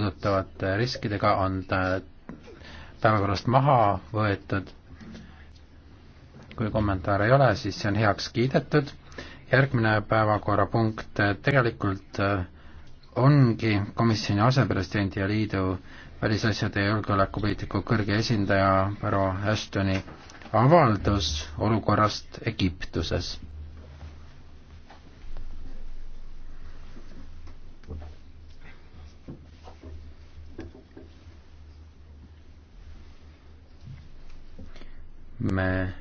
puudutavate riskidega on päevakorrast maha võetud. kui kommentaare ei ole, siis see on heaks kiidetud. järgmine päevakorrapunkt eh, tegelikult eh, ongi komisjoni asepresidendi ja liidu välisasjade ja julgeolekupoliitiku kõrge esindaja Varro Ashtoni avaldus olukorrast Egiptuses me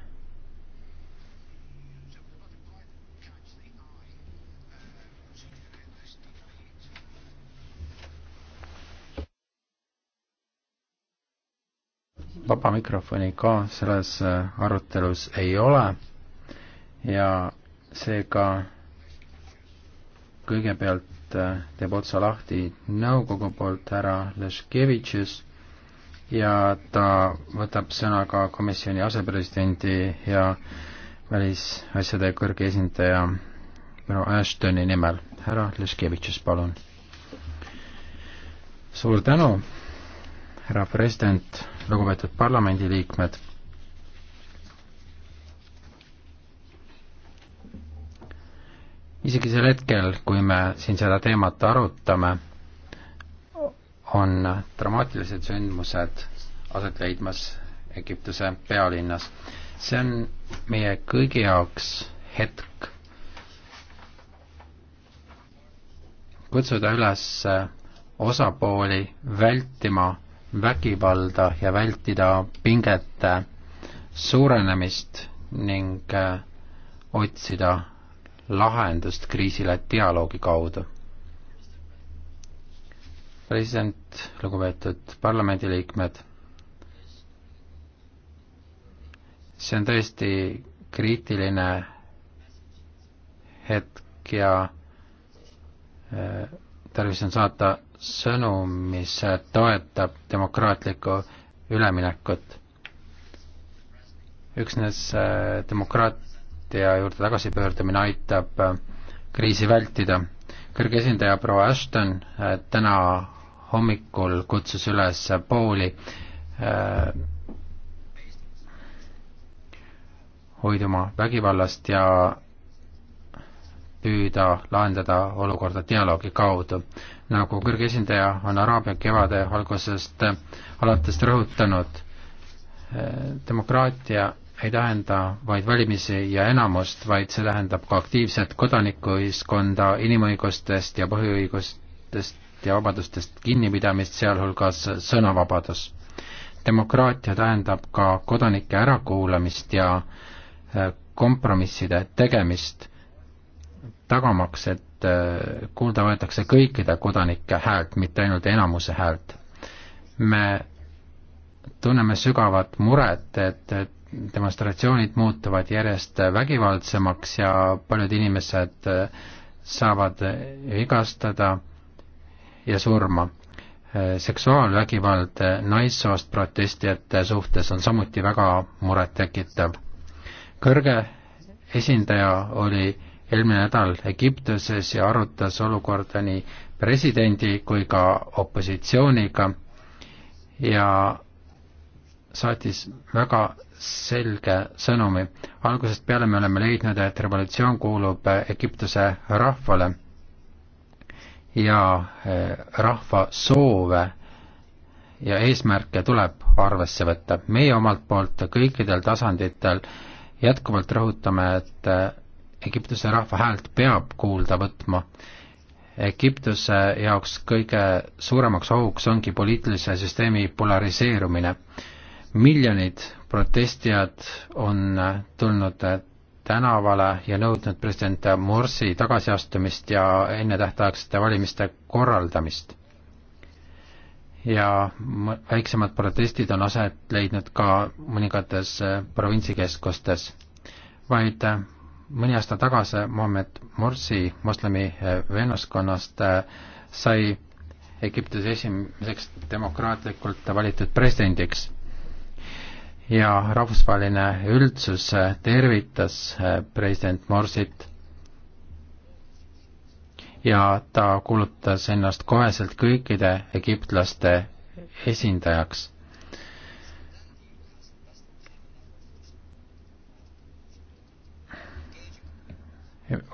vaba mikrofoni ka selles äh, arutelus ei ole ja seega kõigepealt äh, teeb otsa lahti nõukogu poolt härra Leškevitšis ja ta võtab sõna ka komisjoni asepresidendi ja välisasjade kõrge esindaja proua Ashtoni nimel. härra Leškevitšis, palun. suur tänu, härra president, lugupeetud parlamendiliikmed. isegi sel hetkel, kui me siin seda teemat arutame on dramaatilised sündmused aset leidmas Egiptuse pealinnas. see on meie kõigi jaoks hetk kutsuda üles osapooli vältima vägivalda ja vältida pingete suurenemist ning otsida lahendust kriisile dialoogi kaudu president, lugupeetud parlamendiliikmed, see on tõesti kriitiline hetk ja äh, tarvis on saata sõnum, mis toetab demokraatlikku üleminekut. üksnes äh, demokraatia juurde tagasipöördumine aitab äh, kriisi vältida kõrge esindaja proua Ashton äh, täna hommikul kutsus üles pooli äh, hoiduma vägivallast ja püüda lahendada olukorda dialoogi kaudu. nagu kõrge esindaja on Araabia kevade algusest alates rõhutanud äh,, demokraatia ei tähenda vaid valimisi ja enamust, vaid see tähendab ka aktiivset kodanikuühiskonda, inimõigustest ja põhiõigustest ja vabadustest kinnipidamist, sealhulgas sõnavabadus. demokraatia tähendab ka kodanike ärakuulamist ja äh, kompromisside tegemist, tagamaks, et äh, kuulda võetakse kõikide kodanike häält, mitte ainult enamuse häält. me tunneme sügavat muret, et demonstratsioonid muutuvad järjest vägivaldsemaks ja paljud inimesed eh, saavad vigastada ja surma. Eh, seksuaalvägivald naissoost protestijate suhtes on samuti väga murettekitav. kõrge esindaja oli eelmine nädal Egiptuses ja arutas olukorda nii presidendi kui ka opositsiooniga ja saatis väga selge sõnumi. algusest peale me oleme leidnud, et revolutsioon kuulub äh, Egiptuse rahvale ja äh, rahva soove ja eesmärke tuleb arvesse võtta. meie omalt poolt kõikidel tasanditel jätkuvalt rõhutame, et äh, Egiptuse rahva häält peab kuulda võtma. Egiptuse jaoks kõige suuremaks ohuks ongi poliitilise süsteemi polariseerumine miljonid protestijad on tulnud tänavale ja nõudnud president Morsi tagasiastumist ja ennetähtaegsete valimiste korraldamist. ja väiksemad protestid on aset leidnud ka mõningates äh, provintsikeskustes. vaid äh, mõni aasta tagasi Mohammed Morsi moslemi äh, vennaskonnast sai Egiptuses esimeseks demokraatlikult valitud presidendiks ja rahvusvaheline üldsus tervitas äh, president Morsit ja ta kuulutas ennast koheselt kõikide egiptlaste esindajaks.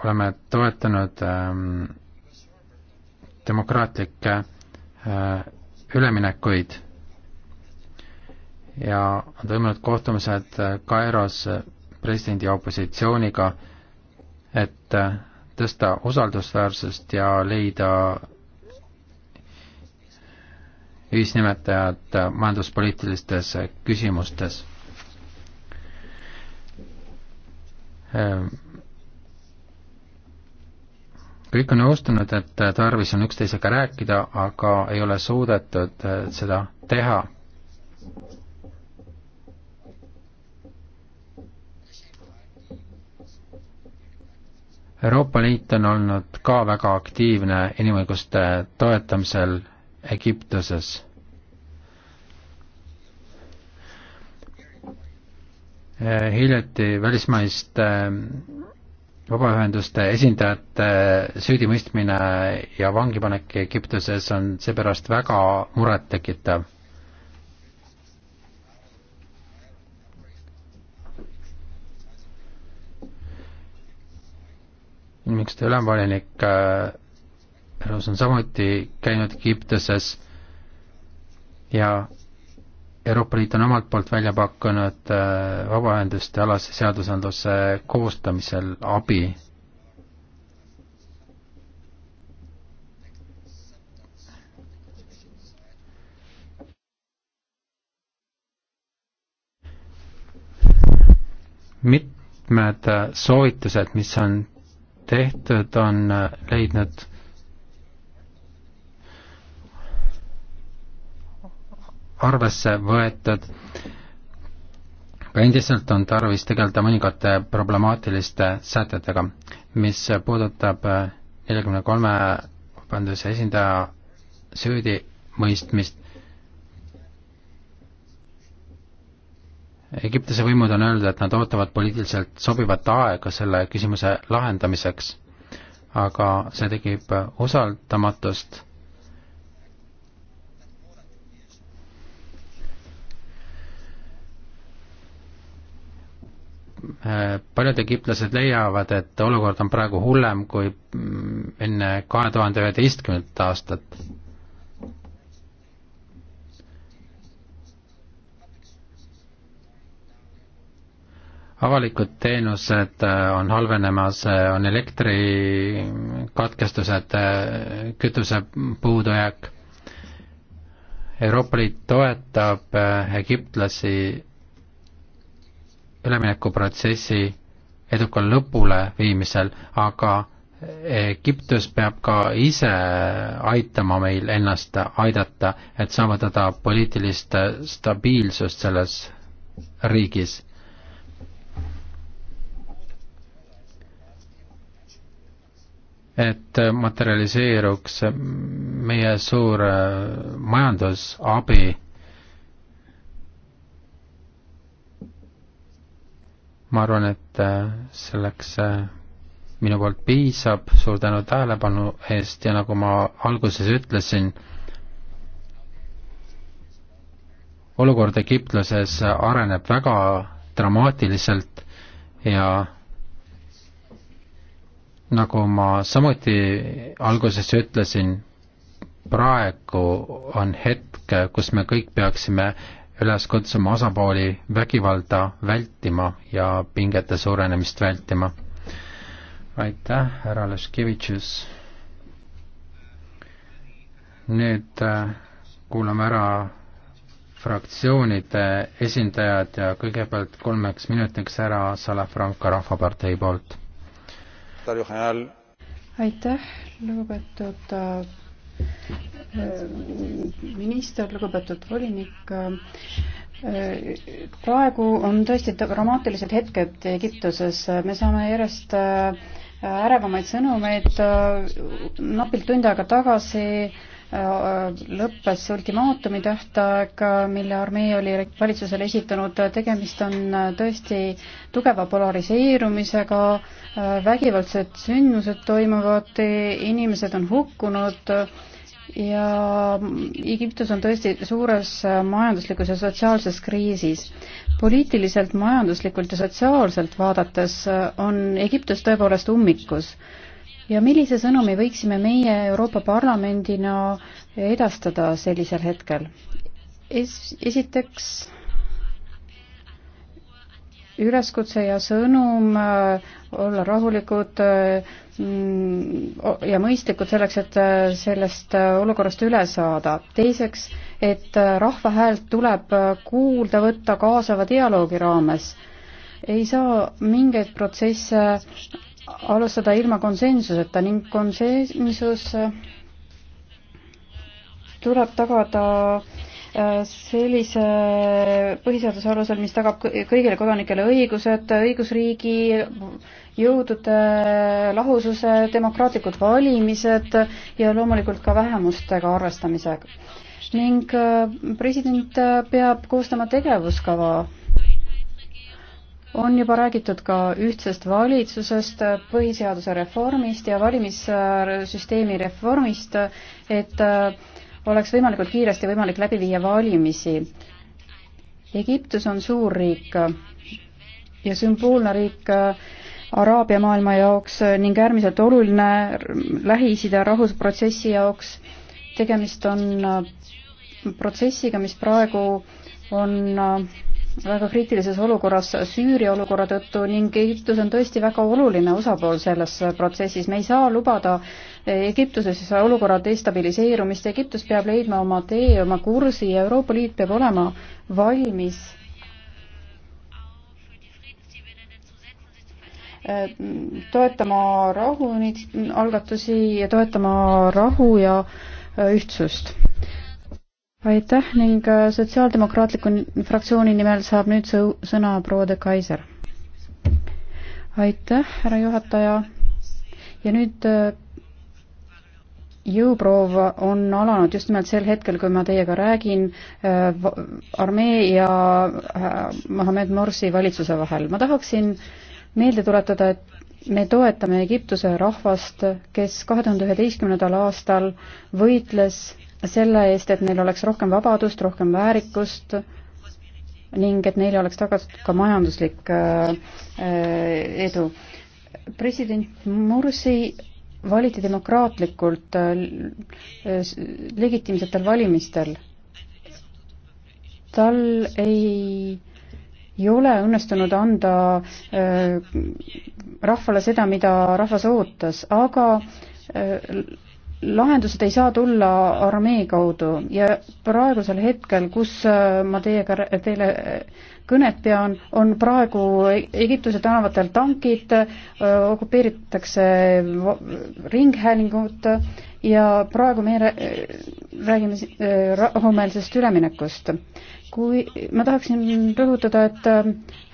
oleme toetanud ähm, demokraatlikke äh, üleminekuid ja on toimunud kohtumised Kairos presidendi ja opositsiooniga, et tõsta usaldusväärsust ja leida ühisnimetajad majanduspoliitilistes küsimustes. kõik on nõustunud, et tarvis on üksteisega rääkida, aga ei ole suudetud seda teha. Euroopa Liit on olnud ka väga aktiivne inimõiguste toetamisel Egiptuses. hiljuti välismaiste vabaühenduste esindajate süüdimõistmine ja vangipanek Egiptuses on seepärast väga murettekitav miks ta ülemvolinik äh, Roos on samuti käinud Egiptuses ja Euroopa Liit on omalt poolt välja pakkunud äh, vabaühenduste alase seadusandluse koostamisel abi mitmed äh, soovitused, mis on tehtud, on leidnud arvesse võetud. aga endiselt on tarvis tegeleda mõningate problemaatiliste sätetega, mis puudutab neljakümne kolme vabanduse esindaja süüdimõistmist Egiptuse võimud on öelnud, et nad ootavad poliitiliselt sobivat aega selle küsimuse lahendamiseks, aga see tekib usaldamatust. paljud egiptlased leiavad, et olukord on praegu hullem kui enne kahe tuhande üheteistkümnendat aastat avalikud teenused äh, on halvenemas, äh, on elektrikatkestused, äh, kütuse puudujääk. Euroopa Liit toetab egiptlasi üleminekuprotsessi edukal lõpule viimisel, aga Egiptus peab ka ise aitama meil ennast aidata, et saavutada poliitilist stabiilsust selles riigis et materialiseeruks meie suur äh, majandusabi. ma arvan, et äh, selleks äh, minu poolt piisab, suur tänu tähelepanu eest ja nagu ma alguses ütlesin, olukord Egiptuses areneb väga dramaatiliselt ja nagu ma samuti alguses ütlesin, praegu on hetk, kus me kõik peaksime üles kutsuma osapooli vägivalda vältima ja pingete suurenemist vältima. aitäh, härra Leškevitšus. nüüd äh, kuulame ära fraktsioonide esindajad ja kõigepealt kolmeks minutiks ära Salafranca Rahvapartei poolt secretario general. aitäh, lugupeetud äh, minister, lugupeetud volinik. Äh, praegu on tõesti dramaatilised hetked Egiptuses, me saame järjest äh, ärevamaid sõnumeid. napilt tund aega tagasi lõppes ultimaatumi tähtaeg, mille armee oli valitsusele esitanud, tegemist on tõesti tugeva polariseerumisega, vägivaldsed sündmused toimuvad, inimesed on hukkunud ja Egiptus on tõesti suures majanduslikus ja sotsiaalses kriisis. poliitiliselt, majanduslikult ja sotsiaalselt vaadates on Egiptus tõepoolest ummikus ja millise sõnumi võiksime meie Euroopa Parlamendina edastada sellisel hetkel? Es-, esiteks üleskutse ja sõnum äh, olla rahulikud äh, mm, ja mõistlikud selleks, et äh, sellest olukorrast üle saada. teiseks, et rahva häält tuleb kuulda võtta kaasava dialoogi raames. ei saa mingeid protsesse alustada ilma konsensuseta ning konsensus äh, tuleb tagada äh, sellise äh, põhiseaduse alusel, mis tagab kõigile kodanikele õigused, õigusriigi, jõudude lahususe, demokraatlikud valimised ja loomulikult ka vähemustega arvestamisega. ning president peab koostama tegevuskava on juba räägitud ka ühtsest valitsusest, põhiseaduse reformist ja valimissüsteemi reformist, et äh, oleks võimalikult kiiresti võimalik läbi viia valimisi. Egiptus on suur riik ja sümboolne riik äh, Araabia maailma jaoks ning äärmiselt oluline Lähis-Ida rahvusprotsessi jaoks. tegemist on äh, protsessiga, mis praegu on väga kriitilises olukorras Süüria olukorra tõttu ning Egiptus on tõesti väga oluline osapool selles protsessis. me ei saa lubada Egiptuses olukorra destabiliseerumist. Egiptus peab leidma oma tee, oma kursi ja Euroopa Liit peab olema valmis äh, toetama rahu, algatusi ja toetama rahu ja äh, ühtsust aitäh ning äh, Sotsiaaldemokraatliku fraktsiooni nimel saab nüüd sõna proua de Kaiser. aitäh, härra juhataja. ja nüüd äh, jõuproov on alanud just nimelt sel hetkel, kui ma teiega räägin äh, armee ja Mohammed Morsi valitsuse vahel. ma tahaksin meelde tuletada, et me toetame Egiptuse rahvast, kes kahe tuhande üheteistkümnendal aastal võitles selle eest, et neil oleks rohkem vabadust, rohkem väärikust ning et neile oleks tagatud ka majanduslik äh, äh, edu. president Mursi valiti demokraatlikult äh, legitiimsetel valimistel. tal ei ei ole õnnestunud anda rahvale seda, mida rahvas ootas, aga lahendused ei saa tulla armee kaudu ja praegusel hetkel, kus äh, ma teiega, teile kõnet pean, on praegu Egiptuse tänavatel tankid, okupeeritakse ringhäälingut ja praegu meie räägime rahumeelsest üleminekust. kui, ma tahaksin rõhutada, et äh,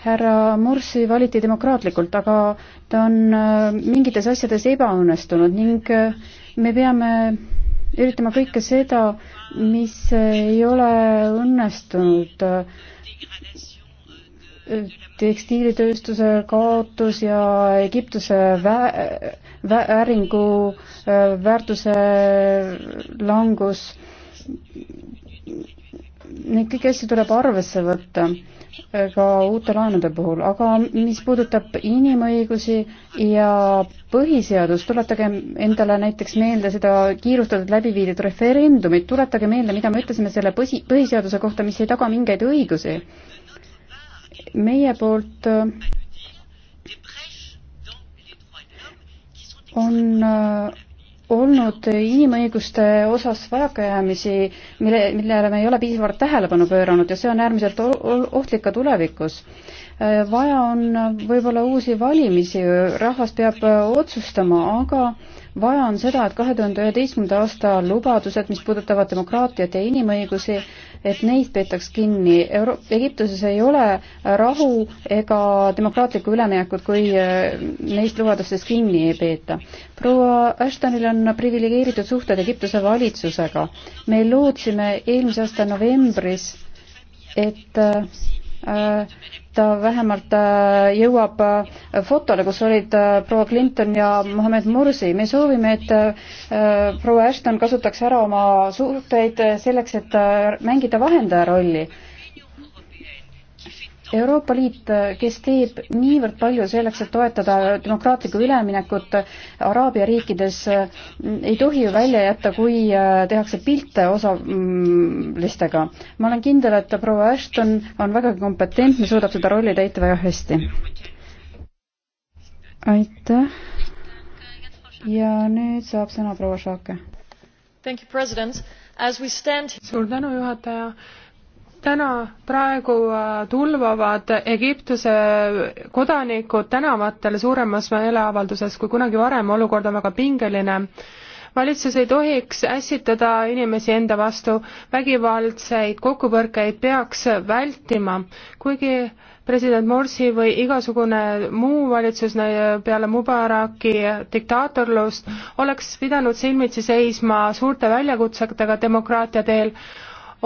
härra Mursi valiti demokraatlikult, aga ta on äh, mingites asjades ebaõnnestunud ning äh, me peame üritama kõike seda, mis ei ole õnnestunud tekstiilitööstuse kaotus ja Egiptuse vä-, vä-, äringu äh, väärtuse langus, neid kõiki asju tuleb arvesse võtta äh, ka uute laenude puhul, aga mis puudutab inimõigusi ja põhiseadust, tuletage endale näiteks meelde seda kiirustatud läbi viidud referendumit, tuletage meelde, mida me ütlesime selle põsi-, põhiseaduse kohta, mis ei taga mingeid õigusi meie poolt äh, on äh, olnud inimõiguste osas vajakajäämisi, mille, millele me ei ole piisavalt tähelepanu pööranud ja see on äärmiselt ohtlik ka tulevikus. Äh, vaja on võib-olla uusi valimisi, rahvas peab otsustama, aga vaja on seda, et kahe tuhande üheteistkümnenda aasta lubadused, mis puudutavad demokraatiat ja inimõigusi, et neist peetaks kinni. Euro-, Egiptuses ei ole rahu ega demokraatlikku üleminekut, kui äh, neist lubadustest kinni ei peeta. proua Ashtonil on priviligeeritud suhted Egiptuse valitsusega. me lootsime eelmise aasta novembris, et äh, ta vähemalt äh, jõuab äh, fotole, kus olid äh, proua Clinton ja Mohammed Mursi. me soovime, et proua Ashton kasutaks ära oma suhteid selleks, et mängida vahendaja rolli Euroopa Liit, kes teeb niivõrd palju selleks, et toetada demokraatlikku üleminekut Araabia riikides, ei tohi ju välja jätta, kui äh, tehakse pilte osalistega. ma olen kindel, et proua Ashton on vägagi kompetentne, suudab seda rolli täita väga hästi. aitäh. ja nüüd saab sõna proua Šaake. suur tänu, juhataja täna praegu äh, tulvavad Egiptuse kodanikud tänavatele suuremas meeleavalduses kui kunagi varem, olukord on väga pingeline. valitsus ei tohiks ässitada inimesi enda vastu, vägivaldseid kokkupõrkeid peaks vältima, kuigi president Morsi või igasugune muu valitsus peale Mubaraki diktaatorlust oleks pidanud silmitsi seisma suurte väljakutsetega demokraatia teel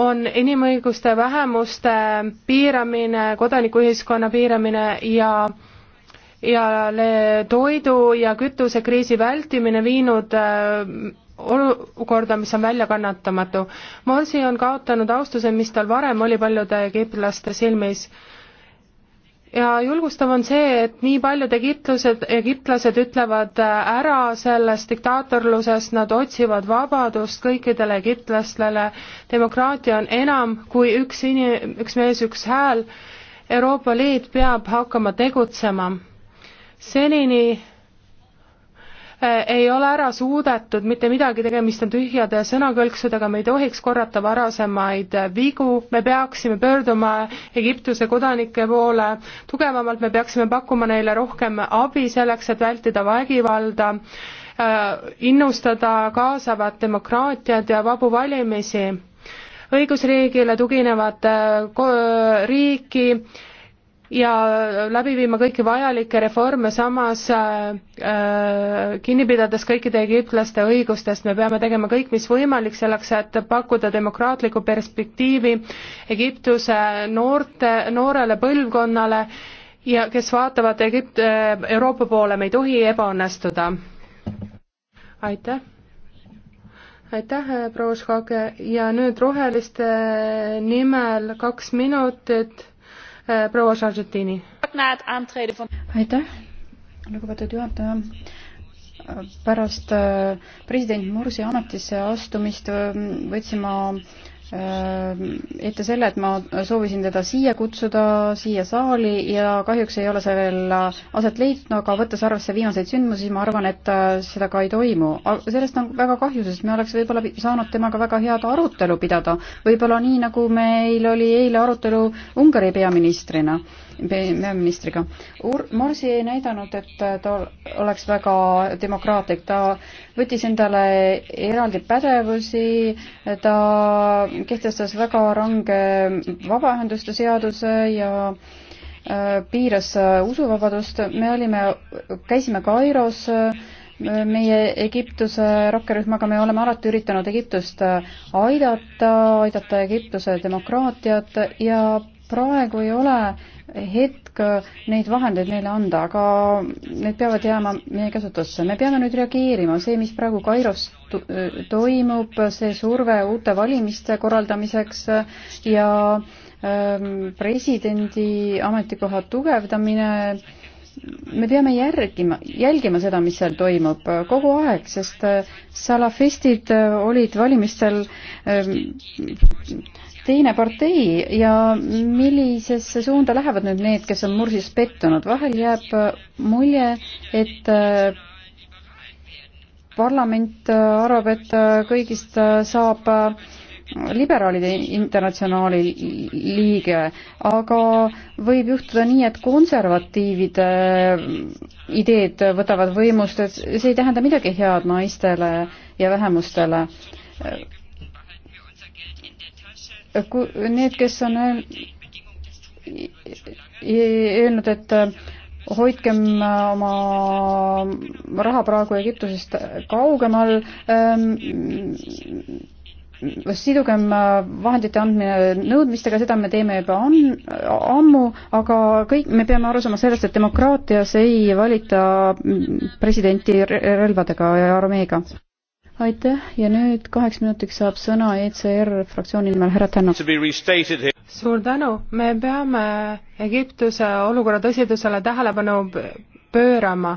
on inimõiguste vähemuste piiramine, kodanikuühiskonna piiramine ja ja toidu ja kütusekriisi vältimine viinud äh, olukorda, mis on väljakannatamatu. Morsi on kaotanud austuse, mis tal varem oli paljude egiptlaste silmis ja julgustav on see, et nii paljud egiptlased, egiptlased ütlevad äh, ära sellest diktaatorlusest, nad otsivad vabadust kõikidele egiptlastele, demokraatia on enam kui üks ini-, üks mees, üks hääl, Euroopa Liit peab hakkama tegutsema. senini Äh, ei ole ära suudetud mitte midagi, tegemist on tühjade sõnakõlksudega, me ei tohiks korrata varasemaid äh, vigu, me peaksime pöörduma Egiptuse kodanike poole tugevamalt, me peaksime pakkuma neile rohkem abi selleks, et vältida vägivalda, äh, innustada kaasavat demokraatiat ja vabu valimisi õigusriigile tuginevat riiki ja läbi viima kõiki vajalikke reforme, samas äh, äh, kinni pidades kõikide egiptlaste õigustest, me peame tegema kõik, mis võimalik selleks, et pakkuda demokraatlikku perspektiivi Egiptuse noorte, noorele põlvkonnale ja kes vaatavad Egipt-, äh, Euroopa poole, me ei tohi ebaõnnestuda. aitäh! aitäh, proua Škage ja nüüd roheliste äh, nimel kaks minutit Eh, proua Sargentini. aitäh, lugupeetud juhataja pärast eh, president Mursi ametisse astumist eh, võtsin ma Äh, ette selle, et ma soovisin teda siia kutsuda, siia saali ja kahjuks ei ole see veel äh, aset leidnud, aga võttes arvesse viimaseid sündmusi, ma arvan, et äh, seda ka ei toimu. sellest on väga kahju, sest me oleks võib-olla saanud temaga väga head arutelu pidada, võib-olla nii, nagu meil oli eile arutelu Ungari peaministrina peaministriga. Ur-, Morsi ei näidanud, et ta oleks väga demokraatlik, ta võttis endale eraldi pädevusi, ta kehtestas väga range vabaühenduste seaduse ja äh, piiras äh, usuvabadust, me olime, käisime Kairos, äh, meie Egiptuse rakkerühmaga me oleme alati üritanud Egiptust aidata, aidata Egiptuse demokraatiat ja praegu ei ole hetk neid vahendeid neile anda, aga need peavad jääma meie käsutusse. me peame nüüd reageerima, see, mis praegu Kairos toimub, see surve uute valimiste korraldamiseks ja ähm, presidendi ametikoha tugevdamine, me peame järgima, jälgima seda, mis seal toimub kogu aeg, sest äh, salafistid äh, olid valimistel ähm, teine partei ja millisesse suunda lähevad nüüd need, kes on Mursis pettunud, vahel jääb mulje, et äh, parlament äh, arvab, et äh, kõigist saab liberaalide internatsionaali liige, aga võib juhtuda nii, et konservatiivide ideed võtavad võimust, et see ei tähenda midagi head naistele ja vähemustele need, kes on öelnud, et äh, hoidkem äh, oma raha praegu Egiptusest kaugemal ähm, sidugem äh, vahendite andmine nõudmistega, seda me teeme juba on, ammu, aga kõik, me peame aru saama sellest, et demokraatias ei valita mm, presidenti relvadega ja armeega aitäh ja nüüd kaheks minutiks saab sõna ECR fraktsiooni nimel härra Tänak. suur tänu, me peame Egiptuse olukorra tõsidusele tähelepanu pöörama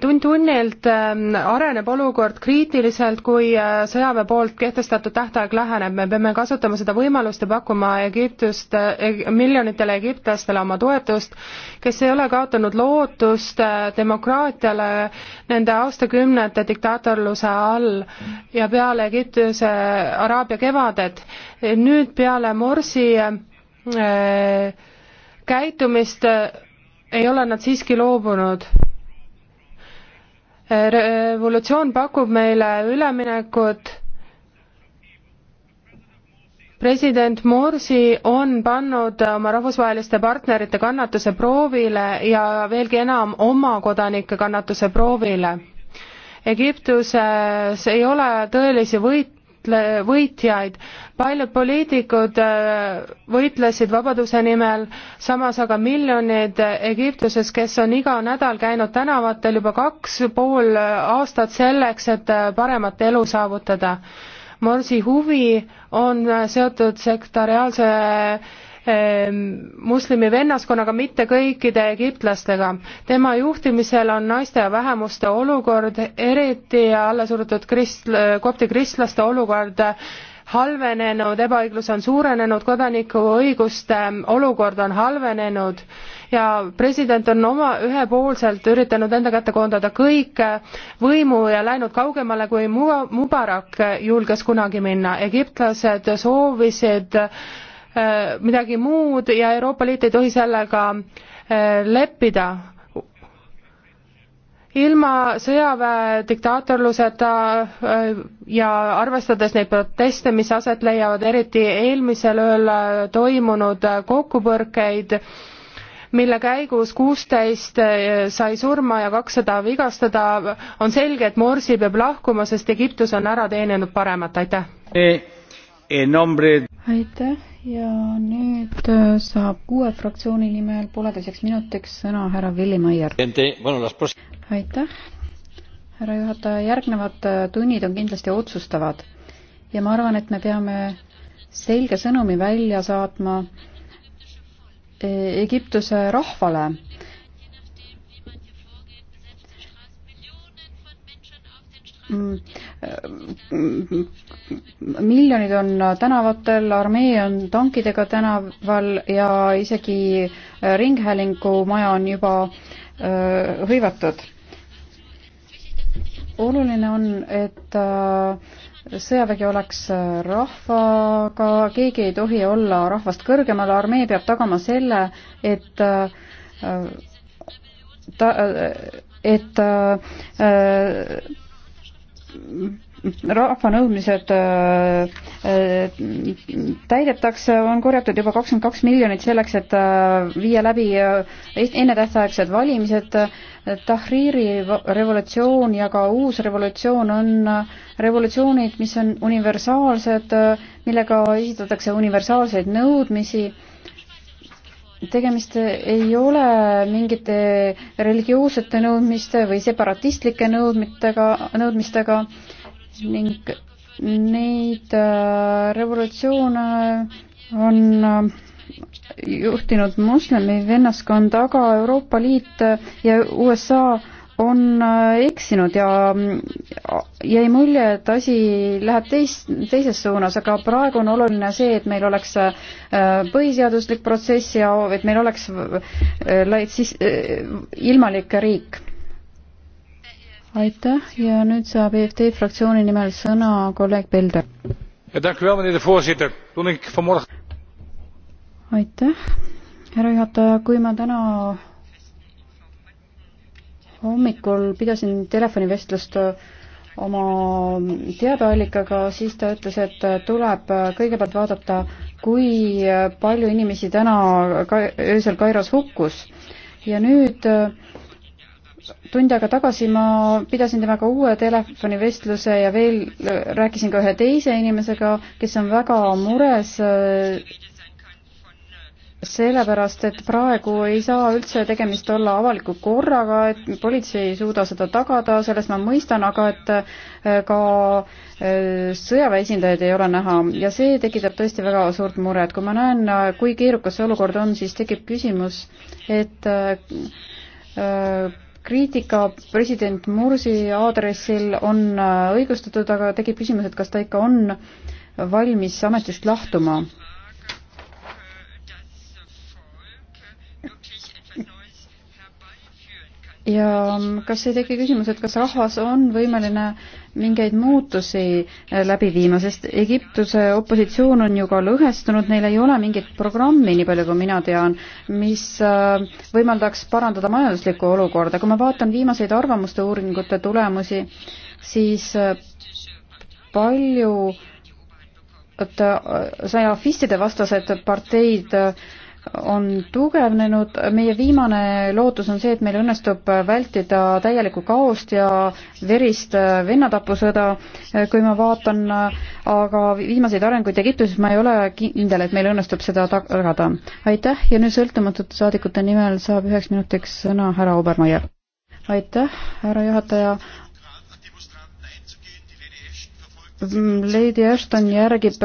tund-tunnilt ähm, areneb olukord kriitiliselt, kui äh, sõjaväe poolt kehtestatud tähtaeg läheneb. me peame kasutama seda võimalust ja pakkuma Egiptust, äh, miljonitele egiptlastele oma toetust, kes ei ole kaotanud lootust äh, demokraatiale nende aastakümnete diktaatorluse all ja peale Egiptuse Araabia kevadet. nüüd peale Morsi käitumist ei ole nad siiski loobunud revolutsioon pakub meile üleminekut. president Morsi on pannud oma rahvusvaheliste partnerite kannatuse proovile ja veelgi enam oma kodanike kannatuse proovile Egiptuses ei ole tõelisi võite võitle, võitjaid. paljud poliitikud äh, võitlesid vabaduse nimel, samas aga miljonid Egiptuses, kes on iga nädal käinud tänavatel juba kaks pool aastat selleks, et äh, paremat elu saavutada. Morsi huvi on äh, seotud sektoriaalse moslemi ehm, vennaskonnaga, mitte kõikide egiptlastega. tema juhtimisel on naiste ja vähemuste olukord, eriti alla surutud krist-, kopti kristlaste olukord halvenenud, ebaõiglus on suurenenud, kodanikuõiguste olukord on halvenenud ja president on oma, ühepoolselt üritanud enda kätte koondada kõik võimu ja läinud kaugemale, kui Mubarak julges kunagi minna. egiptlased soovisid Äh, midagi muud ja Euroopa Liit ei tohi sellega äh, leppida. ilma sõjaväe diktaatorluseta äh, ja arvestades neid proteste, mis aset leiavad, eriti eelmisel ööl toimunud kokkupõrkeid, mille käigus kuusteist sai surma ja kakssada vigastada, on selge, et Morsi peab lahkuma, sest Egiptus on ära teeninud paremat, aitäh! E, e aitäh! ja nüüd äh, saab kuue fraktsiooni nimel pooleteiseks minutiks sõna härra Willie Maier. aitäh, härra juhataja, järgnevad äh, tunnid on kindlasti otsustavad ja ma arvan, et me peame selge sõnumi välja saatma e, Egiptuse rahvale mm, miljonid on tänavatel, armee on tankidega tänaval ja isegi Ringhäälingumaja on juba äh, hõivatud. oluline on, et äh, sõjavägi oleks rahvaga, keegi ei tohi olla rahvast kõrgemal, armee peab tagama selle, et äh, ta, et äh, rahva nõudmised äh, täidetakse, on korjatud juba kakskümmend kaks miljonit selleks, et äh, viia läbi äh, ennetähtaegsed valimised. Tahriri revolutsioon ja ka uus revolutsioon on revolutsioonid, mis on universaalsed, millega esitatakse universaalseid nõudmisi tegemist ei ole mingite religioossete nõudmiste või separatistlike nõudmitega, nõudmistega ning neid äh, revolutsioone on äh, juhtinud moslemi vennaskond, aga Euroopa Liit ja USA on äh, eksinud ja äh, jäi mulje, et asi läheb teis, teises suunas, aga praegu on oluline see, et meil oleks äh, põhiseaduslik protsess ja et meil oleks laid siis ilmalik riik. aitäh ja nüüd saab EFT fraktsiooni nimel sõna kolleeg Pelder. aitäh, härra juhataja, kui ma täna hommikul pidasin telefonivestlust äh, oma teabeallikaga, siis ta ütles, et äh, tuleb äh, kõigepealt vaadata, kui palju inimesi täna ka öösel Kairos hukkus. ja nüüd tund aega tagasi ma pidasin temaga uue telefonivestluse ja veel rääkisin ka ühe teise inimesega, kes on väga mures sellepärast, et praegu ei saa üldse tegemist olla avaliku korraga, et politsei ei suuda seda tagada, selles ma mõistan, aga et äh, ka äh, sõjaväe esindajaid ei ole näha ja see tekitab tõesti väga suurt muret. kui ma näen, äh, kui keerukas see olukord on, siis tekib küsimus, et kriitika president Mursi aadressil on õigustatud, aga tekib küsimus, et kas ta ikka on valmis ametist lahtuma ja kas ei teki küsimus, et kas rahvas on võimeline mingeid muutusi eh, läbi viima, sest Egiptuse opositsioon on ju ka lõhestunud, neil ei ole mingit programmi, nii palju kui mina tean, mis eh, võimaldaks parandada majanduslikku olukorda. kui ma vaatan viimaseid arvamuste uuringute tulemusi, siis eh, palju et salafistide vastased parteid äh, on tugevnenud, meie viimane lootus on see, et meil õnnestub vältida täielikku kaost ja verist vennatapusõda, kui ma vaatan aga viimaseid arenguid Egiptuses, ma ei ole kindel, et meil õnnestub seda tagada. aitäh ja nüüd sõltumatute saadikute nimel saab üheks minutiks sõna härra Obermeier aitäh, härra juhataja, Lady Ashton järgib,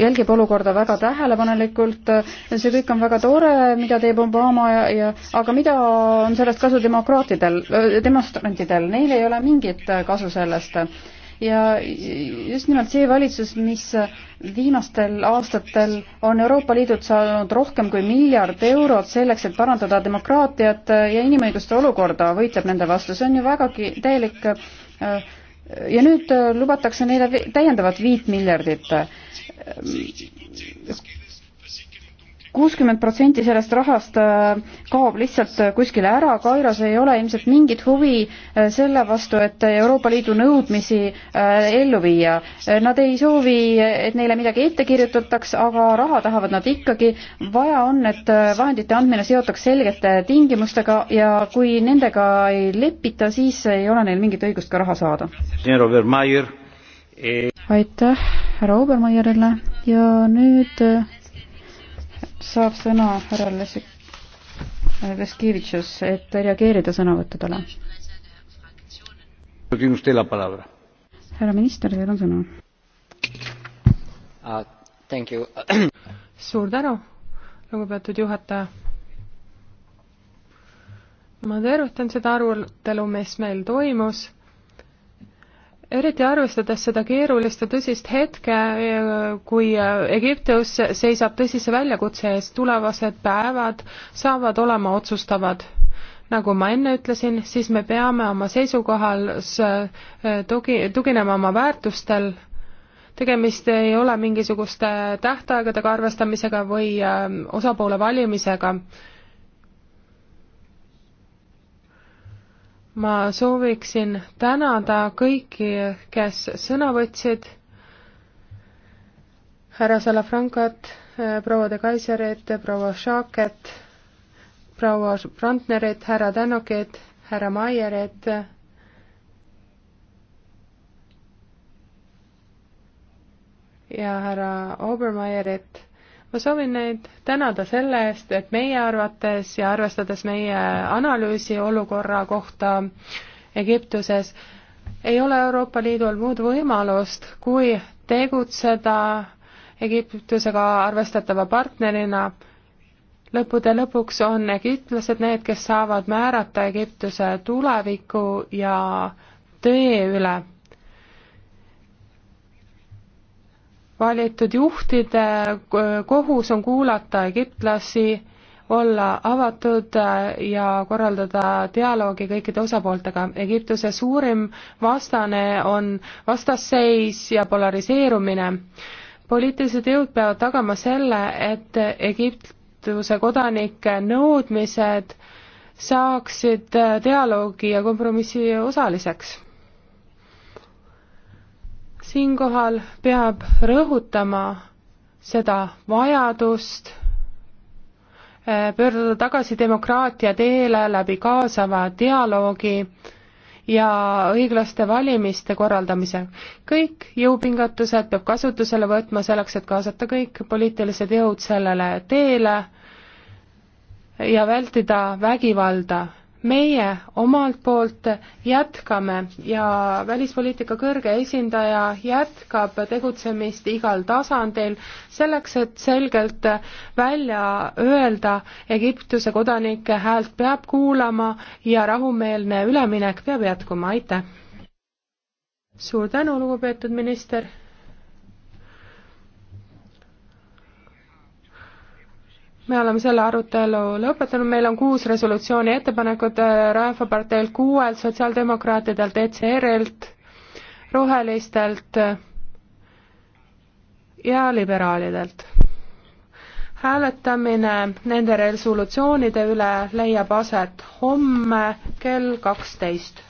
jälgib olukorda väga tähelepanelikult, see kõik on väga tore, mida teeb Obama ja, ja aga mida on sellest kasu demokraatidel, äh, demonstrantidel, neil ei ole mingit kasu sellest. ja just nimelt see valitsus, mis viimastel aastatel on Euroopa Liidult saanud rohkem kui miljard eurot selleks, et parandada demokraatiat ja inimõiguste olukorda, võitleb nende vastu, see on ju vägagi täielik äh, ja nüüd äh, lubatakse neile täiendavat viit miljardit kuuskümmend protsenti sellest rahast äh, kaob lihtsalt äh, kuskile ära, Kairos ei ole ilmselt mingit huvi äh, selle vastu, et Euroopa Liidu nõudmisi ellu viia. Nad ei soovi, et neile midagi ette kirjutataks, aga raha tahavad nad ikkagi. vaja on, et vahendite andmine seotaks selgete tingimustega ja kui nendega ei lepita, siis ei ole neil mingit õigust ka raha saada. Eh, aitäh härra Obermeierile ja nüüd saab sõna härra Lesik-, äh, Leskevitšus, et reageerida sõnavõttudele. härra minister, teil on sõna uh,. suur tänu, lugupeetud juhataja. ma tervitan seda arutelu, mis meil toimus eriti arvestades seda keerulist ja tõsist hetke, kui Egiptus seisab tõsise väljakutse ees, tulevased päevad saavad olema otsustavad. nagu ma enne ütlesin, siis me peame oma seisukohal e, tugi, tuginema oma väärtustel, tegemist ei ole mingisuguste tähtaegadega arvestamisega või e, osapoole valimisega ma sooviksin tänada kõiki, kes sõna võtsid, härra Salafrancat, eh, proua de Kaiserit, proua Šaket, proua Brandnerit, härra Tänokit, härra Maierit, ja härra Obermeierit ma soovin neid tänada selle eest, et meie arvates ja arvestades meie analüüsi olukorra kohta Egiptuses, ei ole Euroopa Liidul muud võimalust, kui tegutseda Egiptusega arvestatava partnerina. lõppude lõpuks on egiptlased need, kes saavad määrata Egiptuse tuleviku ja tee üle valitud juhtide kohus on kuulata egiptlasi, olla avatud ja korraldada dialoogi kõikide osapooltega. Egiptuse suurim vastane on vastasseis ja polariseerumine. poliitilised jõud peavad tagama selle, et Egiptuse kodanike nõudmised saaksid dialoogi ja kompromissi osaliseks siinkohal peab rõhutama seda vajadust eh, pöörduda tagasi demokraatia teele läbi kaasava dialoogi ja õiglaste valimiste korraldamise. kõik jõupingatused peab kasutusele võtma selleks, et kaasata kõik poliitilised jõud sellele teele ja vältida vägivalda meie omalt poolt jätkame ja välispoliitika kõrge esindaja jätkab tegutsemist igal tasandil selleks, et selgelt välja öelda, Egiptuse kodanike häält peab kuulama ja rahumeelne üleminek peab jätkuma, aitäh! suur tänu, lugupeetud minister! me oleme selle arutelu lõpetanud, meil on kuus resolutsiooni ettepanekut äh, Rahvaparteilt, kuuelt, sotsiaaldemokraatidelt, ECR-ilt, rohelistelt äh, ja liberaalidelt. hääletamine nende resolutsioonide üle leiab aset homme kell kaksteist.